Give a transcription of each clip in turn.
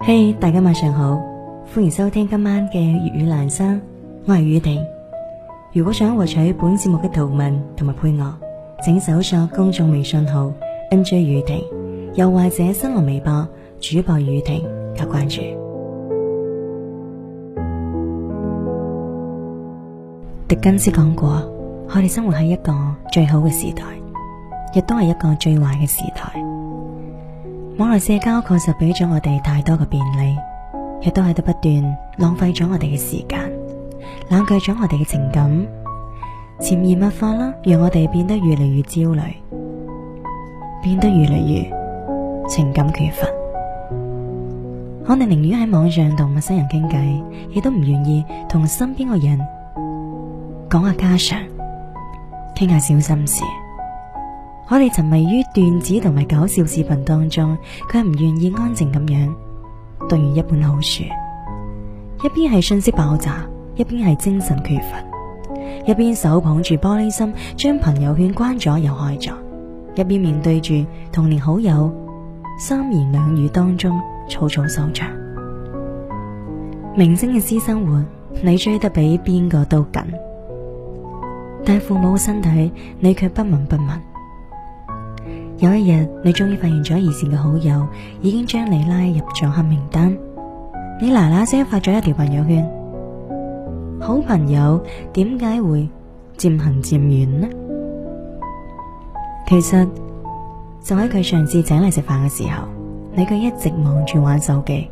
嘿，hey, 大家晚上好，歡迎收聽今晚嘅粵語蘭生，我係雨婷。如果想獲取本節目嘅圖文同埋配樂，請搜索公眾微信號 NJ 雨婷，又或者新浪微博主播雨婷加關注。狄更斯講過，我哋生活喺一個最好嘅時代，亦都係一個最壞嘅時代。網絡社交確實俾咗我哋太多嘅便利，亦都喺度不斷浪費咗我哋嘅時間，冷卻咗我哋嘅情感，潛移默化啦，讓我哋變得越嚟越焦慮，變得越嚟越情感缺乏。可能寧願喺網上同陌生人傾偈，亦都唔願意同身邊嘅人講下家常，傾下小心事。我哋沉迷於段子同埋搞笑視頻當中，佢唔願意安靜咁樣讀完一本好書，一邊係信息爆炸，一邊係精神缺乏，一邊手捧住玻璃心，將朋友圈關咗又開咗，一邊面對住童年好友三言兩語當中草草收場。明星嘅私生活你追得比邊個都緊，但父母嘅身體你卻不聞不問。有一日，你終於發現咗以前嘅好友已經將你拉入咗黑名單。你嗱嗱聲發咗一條朋友圈，好朋友點解會漸行漸遠呢？其實就喺佢上次請你食飯嘅時候，你佢一直忙住玩手機；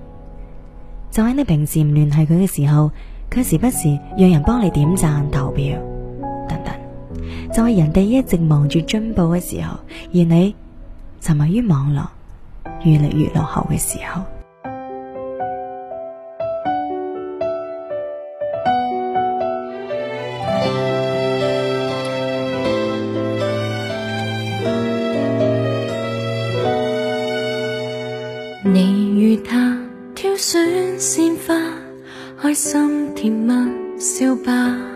就喺你平時唔聯繫佢嘅時候，佢時不時讓人幫你點贊投票。就係人哋一直忙住進步嘅時候，而你沉迷於網絡，越嚟越落後嘅時候。你與他挑選鮮花，開心甜蜜，笑吧。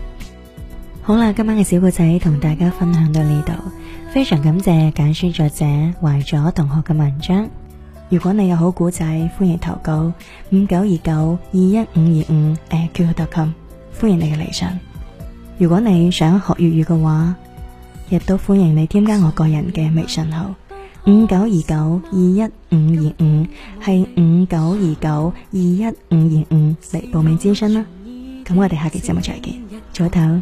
好啦，今晚嘅小故仔同大家分享到呢度，非常感謝簡書作者懷咗同學嘅文章。如果你有好故仔，歡迎投稿五九二九二一五二五誒，QQ dot com 歡迎你嘅理想。如果你想學粵語嘅話，亦都歡迎你添加我個人嘅微信號五九二九二一五二五，係五九二九二一五二五嚟報名諮詢啦。咁我哋下期節目再見，早唞。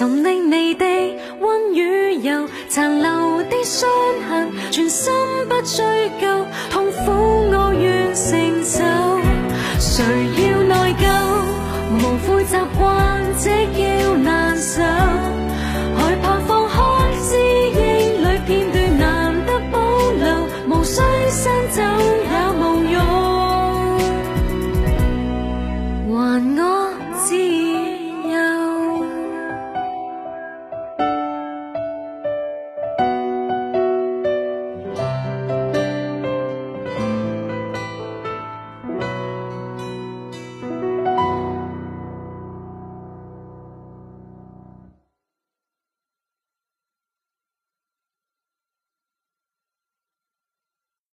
沉溺你的温與柔，殘留的傷痕，全心不追究，痛苦我願承受。誰要內疚？無悔習慣，這要。